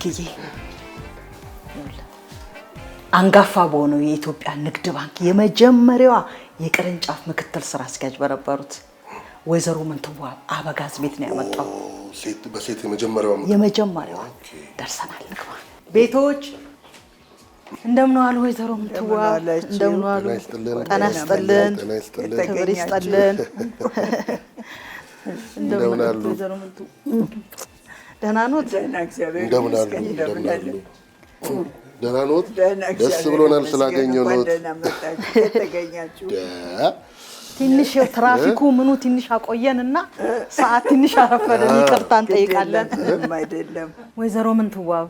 አክዬ አንጋፋ በሆነው የኢትዮጵያ ንግድ ባንክ የመጀመሪያዋ የቅርንጫፍ ምክትል ስራ አስኪያጅ በነበሩት ወይዘሮ ምንትዋብ አበጋዝ ቤት ነው ያመጣው። በሴት የመጀመሪያዋ ደርሰናል። ንግባ ቤቶች እንደምን ዋሉ ወይዘሮ ምንትዋብ እንደምን ዋሉ? ጤና ይስጥልን። ክብር ይስጥልን። እንደምን አሉ? ደህና ኖት? ደህና እግዚአብሔር ደህና ኖት? ደስ ብሎናል ስላገኘው ኖት። ትንሽ ትራፊኩ ምኑ ትንሽ አቆየን እና ሰዓት ትንሽ አረፈደን፣ ይቅርታ እንጠይቃለን። አይደለም ወይዘሮ ምንትዋብ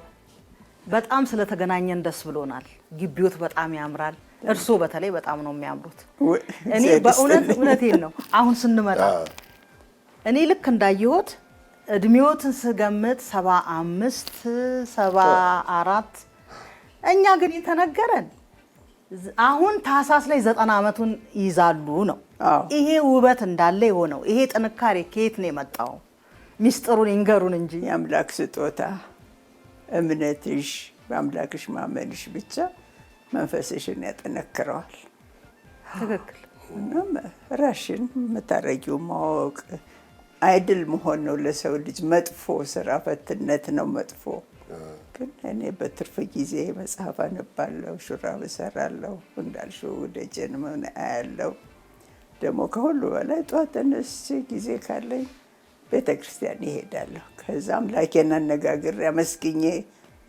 በጣም ስለተገናኘን ደስ ብሎናል። ግቢዎት በጣም ያምራል። እርስዎ በተለይ በጣም ነው የሚያምሩት። እኔ በእውነት እውነቴን ነው። አሁን ስንመጣ እኔ ልክ እንዳየሁት እድሜዎትን ስገምት ሰባ አምስት ሰባ አራት እኛ ግን የተነገረን አሁን ታህሳስ ላይ ዘጠና ዓመቱን ይይዛሉ ነው። ይሄ ውበት እንዳለ የሆነው ይሄ ጥንካሬ ከየት ነው የመጣው? ሚስጥሩን ይንገሩን እንጂ። የአምላክ ስጦታ እምነትሽ፣ በአምላክሽ ማመንሽ ብቻ መንፈስሽን ያጠነክረዋል። ትክክል ራሽን የምታረጊው ማወቅ አይድል መሆን ነው ለሰው ልጅ መጥፎ ስራ ፈትነት ነው መጥፎ። ግን እኔ በትርፍ ጊዜ መጽሐፍ አነባለሁ፣ ሹራብ እሰራለሁ፣ እንዳልሽው ደጀን ምን አያለው። ደግሞ ከሁሉ በላይ ጠዋት ተነስቼ ጊዜ ካለኝ ቤተ ክርስቲያን ይሄዳለሁ። ከዛም ላኬን አነጋግሬ አመስግኜ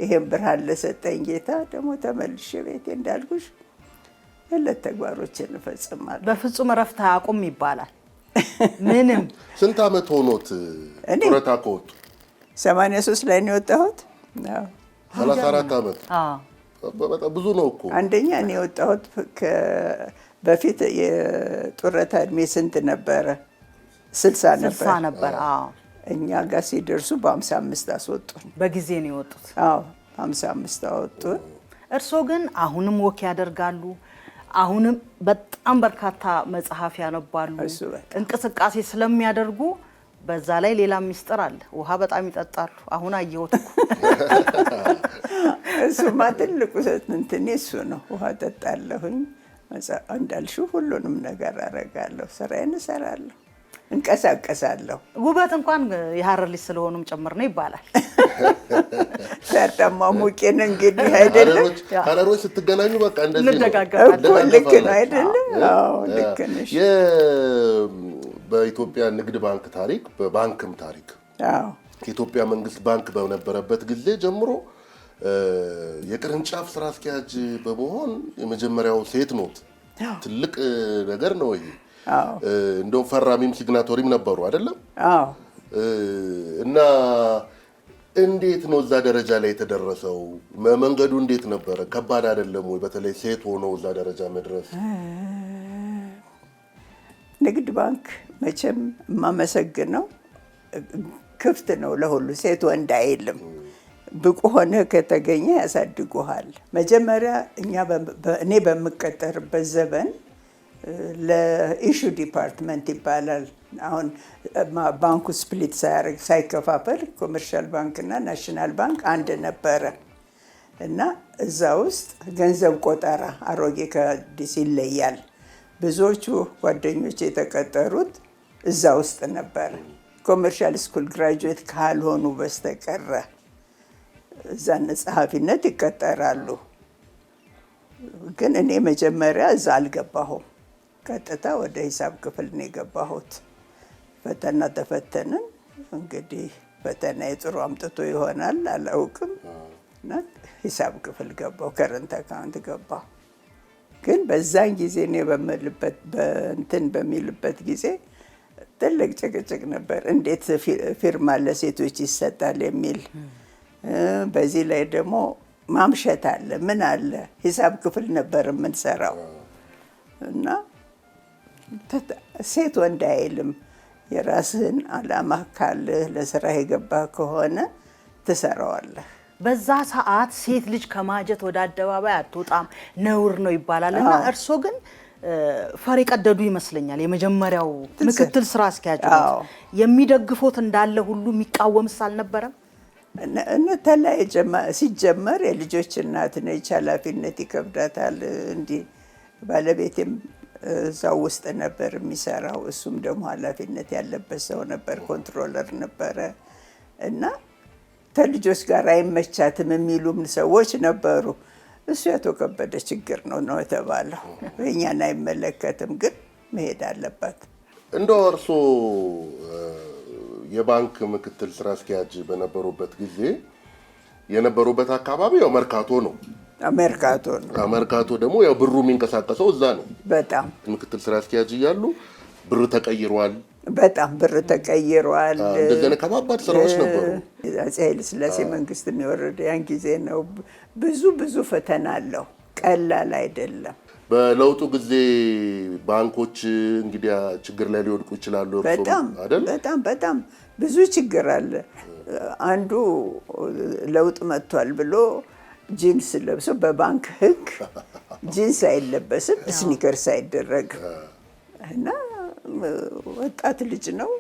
ይሄን ብርሃን ለሰጠኝ ጌታ ደግሞ ተመልሼ ቤቴ እንዳልኩሽ የዕለት ተግባሮችን እፈጽማለሁ። በፍጹም እረፍት አያውቁም ይባላል። ምንም። ስንት ዓመት ሆኖት ጡረታ ከወጡ? ሰማንያ ላይ ነው የወጣሁት። ሰላሳ ዓመት ብዙ ነው እኮ። አንደኛ እኔ የወጣሁት በፊት የጡረታ እድሜ ስንት ነበረ? ስልሳ ነበር። እኛ ጋር ሲደርሱ በ 55 አስወጡን። በጊዜ ነው የወጡት። አዎ አወጡን። እርስዎ ግን አሁንም ወክ ያደርጋሉ አሁንም በጣም በርካታ መጽሐፍ ያነባሉ፣ እንቅስቃሴ ስለሚያደርጉ በዛ ላይ ሌላ ሚስጥር አለ። ውሃ በጣም ይጠጣሉ። አሁን አየሁት እኮ እሱማ ትልቁ እንትኔ እሱ ነው። ውሃ ጠጣለሁኝ፣ እንዳልሽው ሁሉንም ነገር አረጋለሁ፣ ስራዬን እሰራለሁ። እንቀሳቀሳለሁ። ውበት እንኳን የሀረር ልጅ ስለሆኑም ጭምር ነው ይባላል። ሰርተማ ሙቄን እንግዲህ አይደለም ሀረሮች ስትገናኙ በቃ እንደዚህ ልክ ነው አይደለም? ልክ ነሽ። በኢትዮጵያ ንግድ ባንክ ታሪክ፣ በባንክም ታሪክ የኢትዮጵያ መንግስት ባንክ በነበረበት ጊዜ ጀምሮ የቅርንጫፍ ስራ አስኪያጅ በመሆን የመጀመሪያው ሴት ኖት። ትልቅ ነገር ነው ይሄ። እንደውም ፈራሚም ሲግናቶሪም ነበሩ አይደለም? እና እንዴት ነው እዛ ደረጃ ላይ የተደረሰው? መንገዱ እንዴት ነበረ? ከባድ አይደለም ወይ? በተለይ ሴት ሆኖ እዛ ደረጃ መድረስ። ንግድ ባንክ መቼም የማመሰግን ነው። ክፍት ነው ለሁሉ፣ ሴት ወንድ አይልም። ብቁ ሆነ ከተገኘ ያሳድጉሃል። መጀመሪያ እኛ እኔ በምቀጠርበት ዘመን ለኢሹ ዲፓርትመንት ይባላል። አሁን ባንኩ ስፕሊት ሳያደርግ ሳይከፋፈል ኮመርሻል ባንክ እና ናሽናል ባንክ አንድ ነበረ እና እዛ ውስጥ ገንዘብ ቆጠራ አሮጌ ከአዲስ ይለያል። ብዙዎቹ ጓደኞች የተቀጠሩት እዛ ውስጥ ነበረ ኮመርሻል ስኩል ግራጁዌት ካልሆኑ በስተቀረ እዛን ጸሐፊነት ይቀጠራሉ። ግን እኔ መጀመሪያ እዛ አልገባሁም። ቀጥታ ወደ ሂሳብ ክፍል ነው የገባሁት። ፈተና ተፈተንን። እንግዲህ ፈተና የጥሩ አምጥቶ ይሆናል አላውቅም። ሂሳብ ክፍል ገባሁ፣ ከረንት አካውንት ገባሁ። ግን በዛን ጊዜ እኔ በምልበት በእንትን በሚልበት ጊዜ ትልቅ ጭቅጭቅ ነበር። እንዴት ፊርማ ለሴቶች ይሰጣል የሚል በዚህ ላይ ደግሞ ማምሸት አለ ምን አለ ሂሳብ ክፍል ነበር የምንሰራው እና ሴት ወንድ አይልም። የራስህን አላማ ካለህ ለስራ የገባ ከሆነ ትሰራዋለህ። በዛ ሰዓት ሴት ልጅ ከማጀት ወደ አደባባይ አትወጣም፣ ነውር ነው ይባላል እና እርሶ ግን ፈር የቀደዱ ይመስለኛል። የመጀመሪያው ምክትል ስራ አስኪያጅ የሚደግፎት እንዳለ ሁሉ የሚቃወምስ አልነበረም? ተላይ ሲጀመር የልጆች እናት ነች፣ ኃላፊነት ይከብዳታል። እንዲህ ባለቤቴም እዛው ውስጥ ነበር የሚሰራው። እሱም ደግሞ ኃላፊነት ያለበት ሰው ነበር፣ ኮንትሮለር ነበረ እና ከልጆች ጋር አይመቻትም የሚሉም ሰዎች ነበሩ። እሱ ያቶ ከበደ ችግር ነው ነው የተባለው። እኛን አይመለከትም፣ ግን መሄድ አለባት። እንደ እርሶ የባንክ ምክትል ስራ አስኪያጅ በነበሩበት ጊዜ የነበሩበት አካባቢ ያው መርካቶ ነው። አሜሪካቶ ነው። መርካቶ ደግሞ ያው ብሩ የሚንቀሳቀሰው እዛ ነው። በጣም ምክትል ስራ አስኪያጅ እያሉ ብር ተቀይሯል። በጣም ብር ተቀይሯል። እንደዚህ ከባባድ ስራዎች ነበሩ። አፄ ስላሴ መንግስት የሚወረድ ያን ጊዜ ነው። ብዙ ብዙ ፈተና አለው፣ ቀላል አይደለም። በለውጡ ጊዜ ባንኮች እንግዲህ ችግር ላይ ሊወድቁ ይችላሉ። በጣም በጣም በጣም ብዙ ችግር አለ። አንዱ ለውጥ መጥቷል ብሎ ጂንስ ለብሶ በባንክ ህግ ጂንስ አይለበስም፣ ስኒከርስ አይደረግም። እና ወጣት ልጅ ነው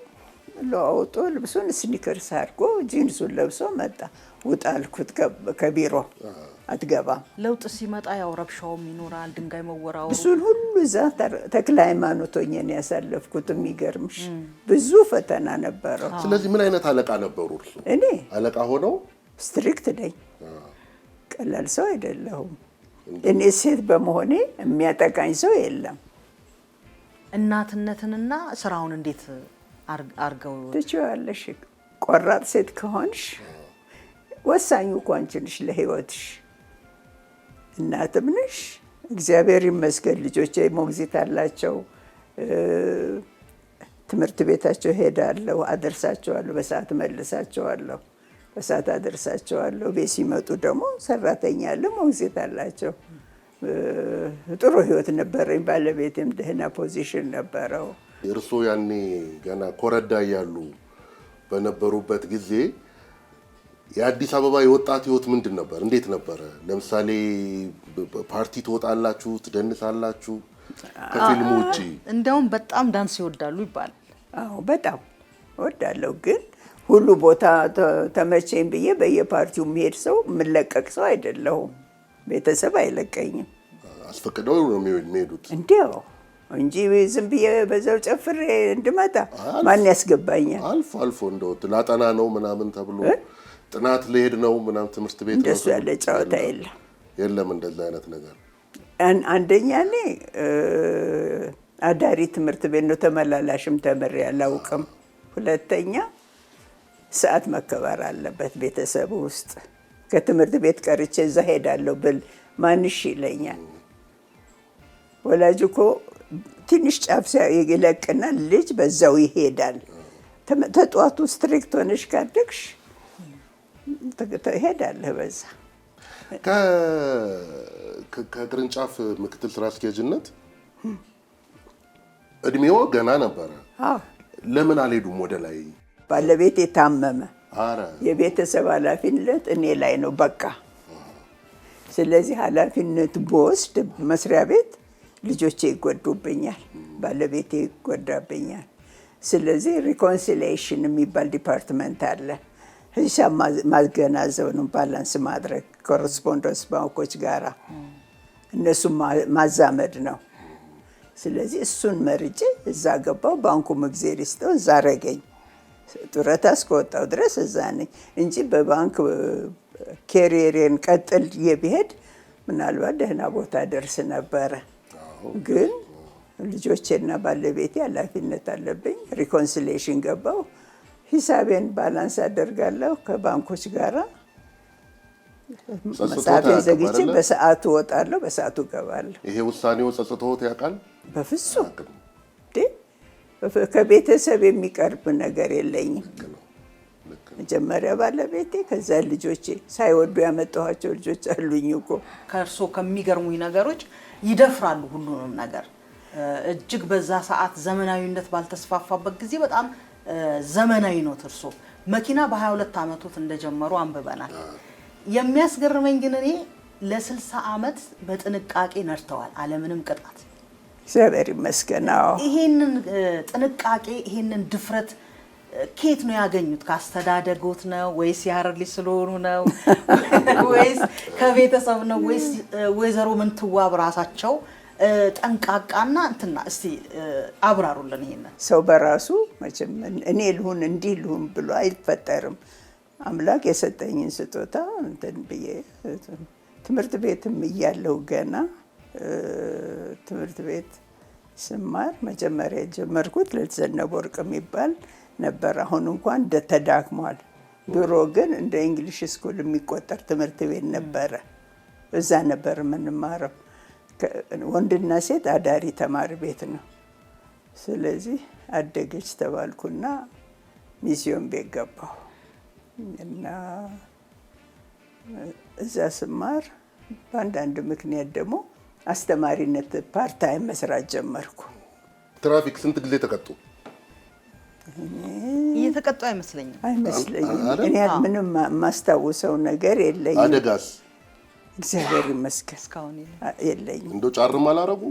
ለአውጦ ልብሱን ስኒከርስ አድርጎ ጂንሱን ለብሶ መጣ። ውጣ አልኩት ከቢሮ አትገባም። ለውጥ ሲመጣ ያው ረብሻውም ይኖራል፣ ድንጋይ መወራወሩ፣ እሱን ሁሉ እዛ ተክለ ሃይማኖት ያሳለፍኩት። የሚገርምሽ ብዙ ፈተና ነበረው። ስለዚህ ምን አይነት አለቃ ነበሩ እኔ አለቃ ሆነው ስትሪክት ነኝ ቀላል ሰው አይደለሁም። እኔ ሴት በመሆኔ የሚያጠቃኝ ሰው የለም። እናትነትንና ስራውን እንዴት አርገው ትችዋለሽ? ቆራጥ ሴት ከሆንሽ ወሳኙ እኮ አንቺ ነሽ ለህይወትሽ። እናትም ነሽ። እግዚአብሔር ይመስገን ልጆቼ ሞግዚት አላቸው። ትምህርት ቤታቸው ሄዳለሁ፣ አደርሳቸዋለሁ፣ በሰዓት መልሳቸዋለሁ። በሰዓት አደርሳቸዋለሁ። ቤት ሲመጡ ደግሞ ሰራተኛ አለ፣ ሞግዚት አላቸው። ጥሩ ህይወት ነበረኝ። ባለቤትም ደህና ፖዚሽን ነበረው። እርስዎ ያኔ ገና ኮረዳ እያሉ በነበሩበት ጊዜ የአዲስ አበባ የወጣት ህይወት ምንድን ነበር? እንዴት ነበረ? ለምሳሌ ፓርቲ ትወጣላችሁ፣ ትደንሳላችሁ? ከፊልሙ ውጭ እንደውም በጣም ዳንስ ይወዳሉ ይባላል። አዎ በጣም እወዳለሁ ግን ሁሉ ቦታ ተመቼን ብዬ በየፓርቲው የሚሄድ ሰው የምለቀቅ ሰው አይደለሁም። ቤተሰብ አይለቀኝም። አስፈቅደው ነው የሚሄዱት እንዲያው እንጂ ዝም ብዬ በዛው ጨፍሬ እንድመጣ ማን ያስገባኛል? አልፎ አልፎ እንደው ላጠና ነው ምናምን ተብሎ ጥናት ልሄድ ነው ምናምን ትምህርት ቤት እንደሱ ያለ ጨዋታ የለም የለም። እንደዛ አይነት ነገር አንደኛ እኔ አዳሪ ትምህርት ቤት ነው ተመላላሽም ተምሬ አላውቅም። ሁለተኛ ሰዓት መከበር አለበት። ቤተሰብ ውስጥ ከትምህርት ቤት ቀርቼ እዛ ሄዳለሁ ብል ማንሽ ይለኛል። ወላጅ እኮ ትንሽ ጫፍ ይለቅና ልጅ በዛው ይሄዳል። ተጧቱ ስትሪክት ሆነሽ ካደግሽ ትሄዳለህ በዛ ከቅርንጫፍ ምክትል ስራ አስኪያጅነት hm እድሜዎ ገና ነበረ። ለምን አልሄዱም ወደ ላይ? ባለቤት የታመመ የቤተሰብ ኃላፊነት እኔ ላይ ነው። በቃ ስለዚህ ኃላፊነት በወስድ መስሪያ ቤት ልጆቼ ይጎዱብኛል፣ ባለቤቴ ይጎዳብኛል። ስለዚህ ሪኮንሲሊሽን የሚባል ዲፓርትመንት አለ። ሂሳብ ማገናዘብ ነው፣ ባላንስ ማድረግ ኮረስፖንደንስ ባንኮች ጋራ እነሱም ማዛመድ ነው። ስለዚህ እሱን መርጬ እዛ ገባው። ባንኩም እግዜር ይስጠው እዛ አረገኝ። ጡረታ እስከወጣው ድረስ እዛ ነኝ እንጂ በባንክ ኬሪየሬን ቀጥል የብሄድ ምናልባት ደህና ቦታ ደርስ ነበረ። ግን ልጆቼና ባለቤቴ ኃላፊነት አለብኝ። ሪኮንሲሌሽን ገባው። ሂሳቤን ባላንስ አደርጋለሁ ከባንኮች ጋራ መጽሐፌን ዘግቼ በሰዓቱ ወጣለሁ፣ በሰዓቱ ገባለሁ። ይሄ ውሳኔው ጸጽቶት ያውቃል? በፍጹም ከቤተሰብ የሚቀርብ ነገር የለኝም። መጀመሪያ ባለቤቴ፣ ከዛ ልጆቼ። ሳይወዱ ያመጣኋቸው ልጆች አሉኝ እኮ። ከእርሶ ከሚገርሙኝ ነገሮች ይደፍራሉ ሁሉንም ነገር እጅግ በዛ ሰዓት ዘመናዊነት ባልተስፋፋበት ጊዜ በጣም ዘመናዊ ነው እርሶ። መኪና በ22 ዓመቶት እንደጀመሩ አንብበናል። የሚያስገርመኝ ግን እኔ ለ60 ዓመት በጥንቃቄ ነድተዋል አለምንም ቅጣት እግዚአብሔር ይመስገን። ይሄንን ጥንቃቄ ይሄንን ድፍረት ኬት ነው ያገኙት? ከአስተዳደጎት ነው ወይስ የሀረር ልጅ ስለሆኑ ነው ወይስ ከቤተሰብ ነው ወይስ ወይዘሮ ምንትዋብ ራሳቸው ጠንቃቃና እንትና? እስቲ አብራሩልን ይሄንን። ሰው በራሱ መቼም እኔ ልሁን እንዲህ ልሁን ብሎ አይፈጠርም። አምላክ የሰጠኝን ስጦታ እንትን ብዬ ትምህርት ቤትም እያለሁ ገና ትምህርት ቤት ስማር መጀመሪያ የጀመርኩት ልዕልት ወርቅ የሚባል ነበር። አሁን እንኳን ተዳክሟል። ድሮ ግን እንደ እንግሊሽ ስኩል የሚቆጠር ትምህርት ቤት ነበረ። እዛ ነበር የምንማረው። ወንድና ሴት አዳሪ ተማሪ ቤት ነው። ስለዚህ አደገች ተባልኩና ሚስዮን ቤት ገባሁ እና እዛ ስማር በአንዳንድ ምክንያት ደግሞ አስተማሪነት ፓርታይም መስራት ጀመርኩ። ትራፊክ ስንት ጊዜ ተቀጡ? እየተቀጡ አይመስለኝም አይመስለኝም። እኔ ምንም የማስታውሰው ነገር የለኝም። አደጋስ? እግዚአብሔር ይመስገን የለኝም። እንደው ጫርም አላረጉ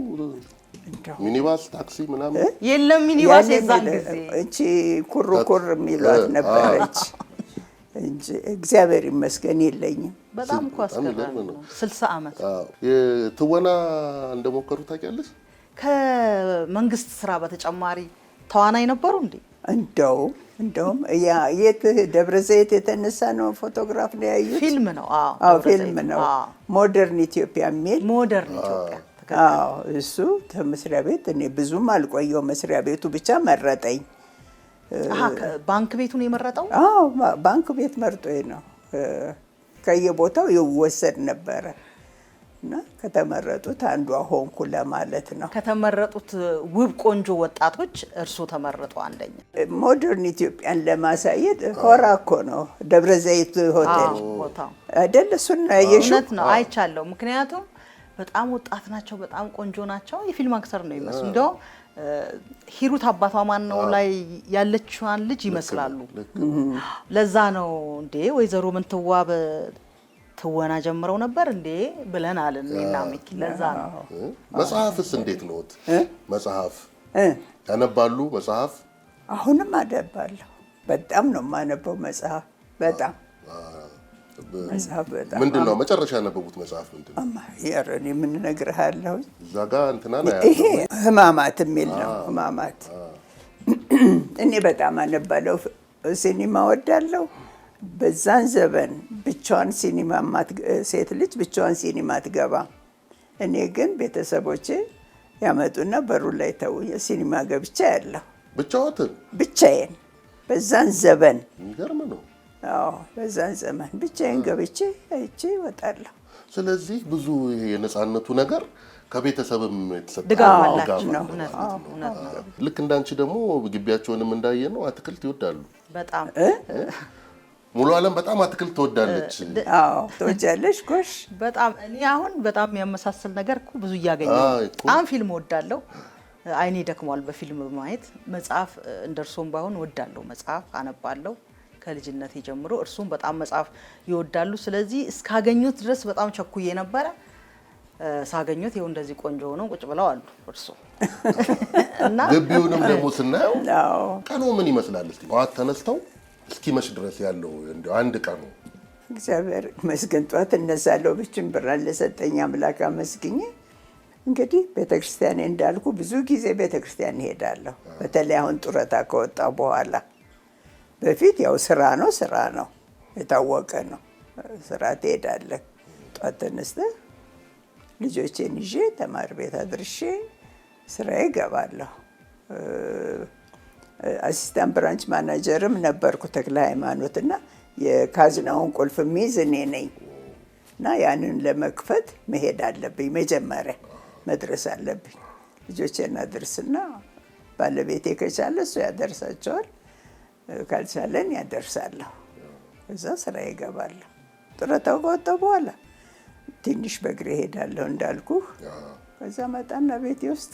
ሚኒባስ፣ ታክሲ ምናምን የለም። ሚኒባስ የዛን ጊዜ እቺ ኩርኩር የሚሏት ነበረች። እግዚአብሔር ይመስገን የለኝም። በጣም እኮ አስገራሚ ነው። ስልሳ ዓመት ትወና እንደሞከሩ ታውቂያለሽ? ከመንግስት ስራ በተጨማሪ ተዋናይ ነበሩ እንዴ? እንደው እንደውም የት ደብረ ዘይት የተነሳ ነው ፎቶግራፍ ነው ያዩት። ፊልም ነው። አዎ ፊልም ነው። ሞደርን ኢትዮጵያ የሚል ሞደርን ኢትዮጵያ አዎ እሱ መስሪያ ቤት እኔ ብዙም አልቆየው መስሪያ ቤቱ ብቻ መረጠኝ። ባንክ ቤቱን የመረጠው? አዎ ባንክ ቤት መርጦ ነው። ከየቦታው ይወሰድ ነበረ እና ከተመረጡት አንዷ ሆንኩ ለማለት ነው። ከተመረጡት ውብ ቆንጆ ወጣቶች እርስዎ ተመረጡ። አንደኛ ሞደርን ኢትዮጵያን ለማሳየት ሆራ እኮ ነው ደብረ ዘይት ሆቴል አይደል? እሱን እውነት ነው አይቻለሁ። ምክንያቱም በጣም ወጣት ናቸው፣ በጣም ቆንጆ ናቸው። የፊልም አክተር ነው ይመስሉ እንዲያውም ሂሩት አባቷ ማን ላይ ያለችዋን ልጅ ይመስላሉ። ለዛ ነው እንዴ ወይዘሮ ምንትዋብ ትወና ጀምረው ነበር እንዴ ብለን አልን እኔና ሚኪ። ለዛ ነው። መጽሐፍስ እንዴት ነው? መጽሐፍ ያነባሉ? መጽሐፍ አሁንም አነባለሁ። በጣም ነው የማነበው መጽሐፍ በጣም ምንድን ነው መጨረሻ ያነበቡት መጽሐፍ ምንድን ነው? አማሄር እኔ ምን እዛ ጋር እንትና ይሄ ህማማት የሚል ነው። ህማማት እኔ በጣም አነባለሁ። ሲኒማ ወዳለሁ። በዛን ዘበን ብቻዋን ሲኒማ ሴት ልጅ ብቻዋን ሲኒማ ትገባ። እኔ ግን ቤተሰቦቼ ያመጡና በሩ ላይ ተው ሲኒማ ገብቻ ያለሁ ብቻዋትን ብቻዬን በዛን ዘበን የሚገርም ነው። አዎ በዛን ዘመን ብቻዬን ገብቼ አይቼ እወጣለሁ። ስለዚህ ብዙ የነፃነቱ ነገር ከቤተሰብም የተሰጠ ነው። ልክ እንዳንቺ ደግሞ ግቢያቸውንም እንዳየ ነው አትክልት ይወዳሉ በጣም ሙሉ ዓለም በጣም አትክልት ትወዳለች። አዎ ጎሽ በጣም እኔ አሁን በጣም የሚያመሳስል ነገር እኮ ብዙ እያገኘ በጣም ፊልም እወዳለሁ። አይኔ ደክሟል በፊልም በማየት መጽሐፍ እንደርሶም ባይሆን እወዳለሁ። መጽሐፍ አነባለሁ። ከልጅነት ጀምሮ እርሱም በጣም መጽሐፍ ይወዳሉ። ስለዚህ እስካገኙት ድረስ በጣም ቸኩዬ ነበረ። ሳገኙት ይኸው እንደዚህ ቆንጆ ሆነው ቁጭ ብለው አሉ። እርሱ እና ግቢውንም ደግሞ ስናየው ቀኑ ምን ይመስላል? እስኪ ጠዋት ተነስተው እስኪመሽ ድረስ ያለው እንደው አንድ ቀኑ እግዚአብሔር ይመስገን ጠዋት እነሳለሁ። ብችን ብራን ለሰጠኝ አምላክ አመስግኜ እንግዲህ ቤተክርስቲያን እንዳልኩ ብዙ ጊዜ ቤተክርስቲያን እሄዳለሁ። በተለይ አሁን ጡረታ ከወጣ በኋላ በፊት ያው ስራ ነው ስራ ነው የታወቀ ነው። ስራ ትሄዳለህ፣ ጧት ተነስተህ ልጆቼን ይዤ ተማሪ ቤት አድርሼ ስራ ይገባለሁ። አሲስታንት ብራንች ማናጀርም ነበርኩ ተክለ ሃይማኖት እና የካዝናውን ቁልፍ የሚይዝ እኔ ነኝ እና ያንን ለመክፈት መሄድ አለብኝ። መጀመሪያ መድረስ አለብኝ። ልጆቼን አድርስና ባለቤቴ ከቻለ እሱ ያደርሳቸዋል። ካልቻለን ያደርሳለሁ። እዛ ስራ ይገባለሁ። ጡረታው ከወጣ በኋላ ትንሽ በእግሬ ሄዳለሁ እንዳልኩህ። ከዛ መጣና ቤቴ ውስጥ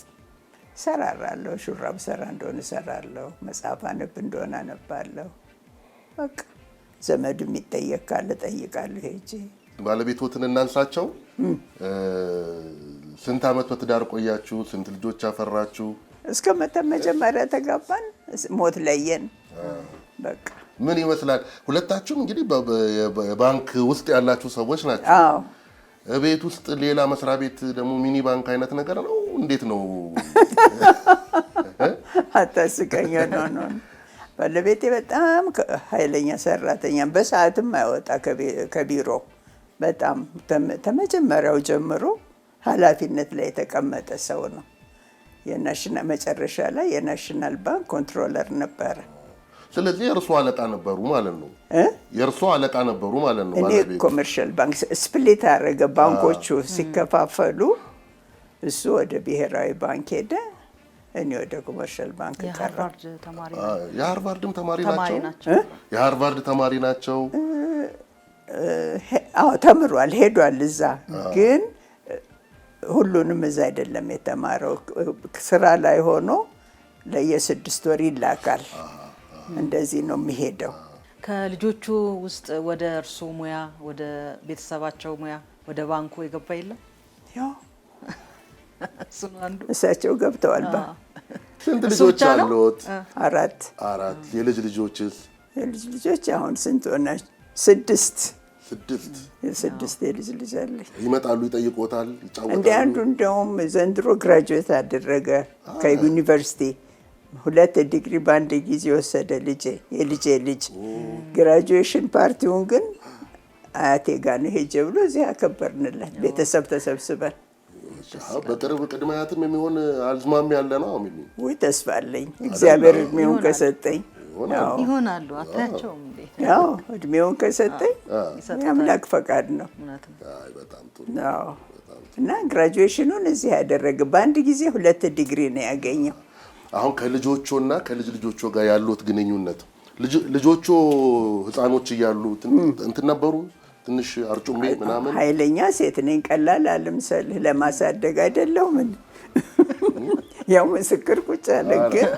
ሰራራለሁ። ሹራብ ሰራ እንደሆነ ሰራለሁ። መጽሐፍ አነብ እንደሆነ አነባለሁ። በቃ ዘመድ የሚጠየቅ ካለ ጠይቃለሁ ሄጄ። ባለቤቶትን እናንሳቸው። ስንት ዓመት በትዳር ቆያችሁ? ስንት ልጆች አፈራችሁ? እስከ መተን መጀመሪያ ተጋባን፣ ሞት ለየን። ምን ይመስላል? ሁለታችሁም እንግዲህ ባንክ ውስጥ ያላችሁ ሰዎች ናቸው። ቤት ውስጥ ሌላ መስሪያ ቤት ደግሞ ሚኒ ባንክ አይነት ነገር ነው። እንዴት ነው? አታስቀኝ ነው። ባለቤቴ በጣም ኃይለኛ ሰራተኛ፣ በሰዓትም አይወጣ ከቢሮ በጣም ተመጀመሪያው ጀምሮ ኃላፊነት ላይ የተቀመጠ ሰው ነው። መጨረሻ ላይ የናሽናል ባንክ ኮንትሮለር ነበረ። ስለዚህ የእርሶ አለቃ ነበሩ ማለት ነው። የእርሶ አለቃ ነበሩ ማለት ነው። እኔ ኮመርሻል ባንክ ስፕሊት ያደረገ ባንኮቹ ሲከፋፈሉ እሱ ወደ ብሔራዊ ባንክ ሄደ፣ እኔ ወደ ኮመርሻል ባንክ ቀረ። የሃርቫርድም ተማሪ ናቸው። የሃርቫርድ ተማሪ ናቸው። አዎ ተምሯል፣ ሄዷል እዛ ግን ሁሉንም እዛ አይደለም የተማረው። ስራ ላይ ሆኖ ለየስድስት ወር ይላካል። እንደዚህ ነው የሚሄደው። ከልጆቹ ውስጥ ወደ እርሱ ሙያ ወደ ቤተሰባቸው ሙያ ወደ ባንኩ የገባ የለም? እሳቸው ገብተዋል። ስንት ልጆች አሉት? አራት አራት። የልጅ ልጆችስ? የልጅ ልጆች አሁን ስንት ሆናቸው? ስድስት ስድስት ስድስት የልጅ ልጅ አለ። ይመጣሉ፣ ይጠይቆታል፣ ይጫወታል። እንደ አንዱ እንደውም ዘንድሮ ግራጁዌት አደረገ ከዩኒቨርሲቲ ሁለት ዲግሪ በአንድ ጊዜ የወሰደ ልጄ የልጄ ልጅ ግራጁዌሽን ፓርቲውን ግን አያቴ ጋ ነው ሄጄ ብሎ እዚህ አከበርንለን ቤተሰብ ተሰብስበን። በቅርብ ቅድመ አያትም የሚሆን አልዝማም ያለ ነው ሚሉ ተስፋ አለኝ። እግዚአብሔር እድሜውን ከሰጠኝ ይሆናሉ። አታያቸውም? እድሜውን ከሰጠኝ የአምላክ ፈቃድ ነው። እና ግራጁዌሽኑን እዚህ ያደረገ በአንድ ጊዜ ሁለት ዲግሪ ነው ያገኘው። አሁን ከልጆቹና ከልጅ ልጆቹ ጋር ያሉት ግንኙነት ልጆቹ ህፃኖች እያሉ እንትን ነበሩ። ትንሽ አርጩሜ ምናምን ኃይለኛ ሴት ነኝ። ቀላል አልምሰልህ ለማሳደግ አይደለሁም። ያው ምስክር ቁጭ ያለ ግን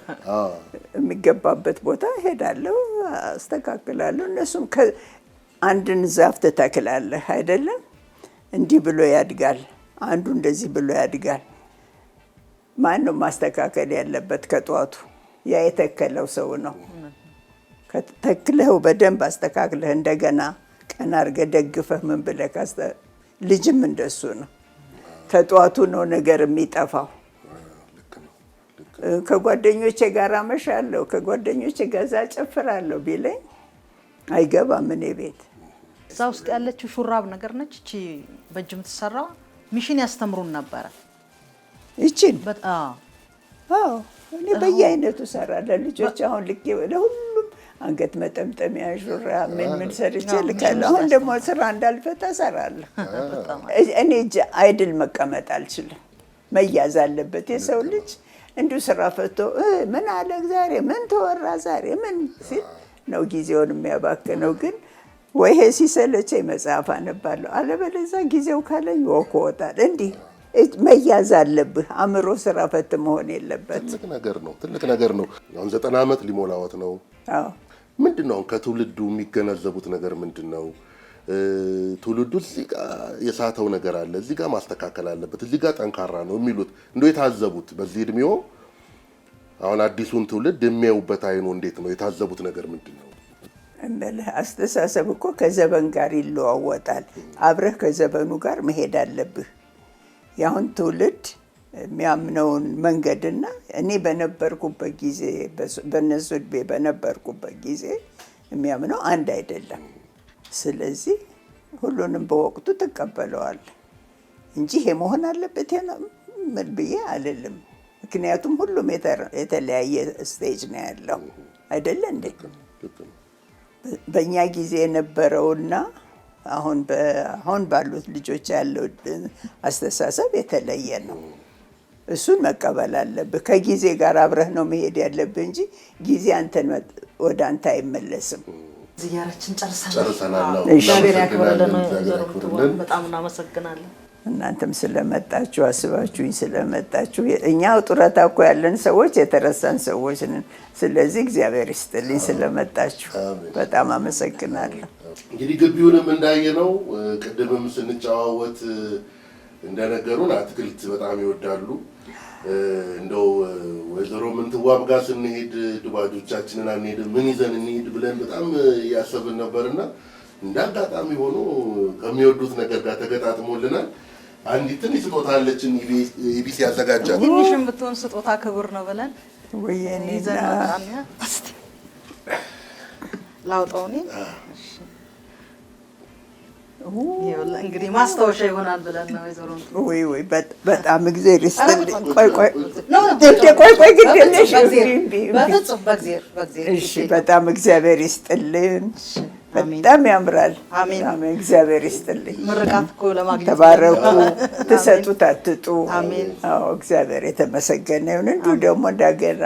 የሚገባበት ቦታ እሄዳለሁ፣ አስተካክላለሁ። እነሱም አንድን ዛፍ ትተክላለህ አይደለም፣ እንዲህ ብሎ ያድጋል፣ አንዱ እንደዚህ ብሎ ያድጋል። ማንም ማስተካከል ያለበት ከጧቱ ያ የተከለው ሰው ነው። ከተክለው በደንብ አስተካክለህ እንደገና ቀና አድርገህ ደግፈህ ምን ብለህ ልጅም እንደሱ ነው። ከጠዋቱ ነው ነገር የሚጠፋው። ከጓደኞቼ ጋር አመሻለሁ፣ ከጓደኞቼ ገዛ እዛ ጨፍራለሁ ቢለኝ አይገባም እኔ ቤት። እዛ ውስጥ ያለችው ሹራብ ነገር ነች። እቺ በእጅ የምትሰራ ሚሽን ያስተምሩን ነበረ ይችን እኔ በየአይነቱ ሰራለሁ። ልጆች አሁን ልኬ ለሁሉም አንገት መጠምጠሚያ፣ ሹራ ምን ምን ሰርቼ ልካለሁ። አሁን ደግሞ ስራ እንዳልፈታ ሰራለሁ። እኔ እጅ አይድል መቀመጥ አልችልም። መያዝ አለበት የሰው ልጅ እንዲሁ ስራ ፈቶ ምን አለ ዛሬ ምን ተወራ ዛሬ ምን ሲል ነው ጊዜውን የሚያባክነው። ግን ወይ ሲሰለቸኝ መጽሐፍ አነባለሁ፣ አለበለዚያ ጊዜው ካለኝ ወክ እወጣለሁ እንዲህ መያዝ አለብህ። አእምሮ ስራ ፈት መሆን የለበት። ትልቅ ነገር ነው፣ ትልቅ ነገር ነው። አሁን ዘጠና ዓመት ሊሞላዎት ነው። ምንድን ነው ከትውልዱ የሚገነዘቡት ነገር ምንድን ነው? ትውልዱ እዚህ ጋ የሳተው ነገር አለ፣ እዚህ ጋ ማስተካከል አለበት፣ እዚህ ጋ ጠንካራ ነው የሚሉት እንደ የታዘቡት በዚህ እድሜው አሁን አዲሱን ትውልድ የሚያዩበት አይኑ እንዴት ነው? የታዘቡት ነገር ምንድን ነው? አስተሳሰብ እኮ ከዘበን ጋር ይለዋወጣል። አብረህ ከዘበኑ ጋር መሄድ አለብህ። የአሁን ትውልድ የሚያምነውን መንገድና እኔ በነበርኩበት ጊዜ በነሱ እድሜ በነበርኩበት ጊዜ የሚያምነው አንድ አይደለም። ስለዚህ ሁሉንም በወቅቱ ትቀበለዋል እንጂ ይሄ መሆን አለበት ምን ብዬ አልልም። ምክንያቱም ሁሉም የተለያየ ስቴጅ ነው ያለው አይደለ እንዴ? በእኛ ጊዜ የነበረውና አሁን አሁን ባሉት ልጆች ያለው አስተሳሰብ የተለየ ነው። እሱን መቀበል አለብህ። ከጊዜ ጋር አብረህ ነው መሄድ ያለብህ እንጂ ጊዜ አንተን ወደ አንተ አይመለስም። ዝያራችን ጨርሰናል። እግዚአብሔር በጣም እናመሰግናለን። እናንተም ስለመጣችሁ አስባችሁኝ ስለመጣችሁ። እኛ ጡረታ እኮ ያለን ሰዎች የተረሳን ሰዎች ነን። ስለዚህ እግዚአብሔር ይስጥልኝ ስለመጣችሁ በጣም አመሰግናለሁ። እንግዲህ ግቢውንም እንዳየነው ቅድምም ስንጨዋወት እንደነገሩን አትክልት በጣም ይወዳሉ። እንደው ወይዘሮ ምንትዋብ ጋር ስንሄድ ድባጆቻችንን አንሄድም ምን ይዘን እንሄድ ብለን በጣም እያሰብን ነበርና እንዳጋጣሚ ሆኖ ከሚወዱት ነገር ጋር ተገጣጥሞልናል። አንዲት ትንሽ ስጦታ አለችን ኢቢሲ ያዘጋጃል። ትንሽም ብትሆን ስጦታ ክቡር ነው ብለን ይዘን መጣና ላውጣው እኔ እንግዲህ ማስታወሻ ይሆናል ብለን ነው። ወይዘሮ በጣም ይስጥልኝ። ቆይ ቆይ ቆይ ቆይ ግድ በጣም እግዚአብሔር ይስጥልን። በጣም ያምራል። እግዚአብሔር ይስጥልኝ። ምርቃት እኮ ለማግኘት ተባረኩ። ትሰጡት አትጡ። እግዚአብሔር የተመሰገነ ይሁን። እንዲሁ ደግሞ እንዳገና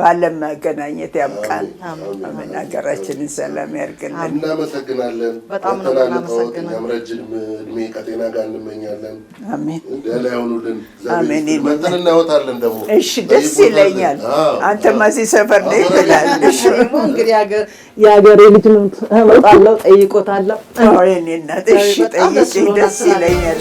ባለም መገናኘት ያብቃል። አሜን። ሀገራችንን ሰላም ያርግልን። እናመሰግናለን። በጣም ነው እናመሰግናለን። ረጅም እድሜ ከጤና ጋር እንመኛለን። አሜን። አሜን። እናወጣለን ደግሞ እሺ፣ ደስ ይለኛል። አንተማ እዚህ ሰፈር ነው ይላል። እሺ እንግዲህ የሀገሬ ልጅ ነው አለው ጠይቆት አለው። እኔ እናት እሺ ጠይቄ ደስ ይለኛል።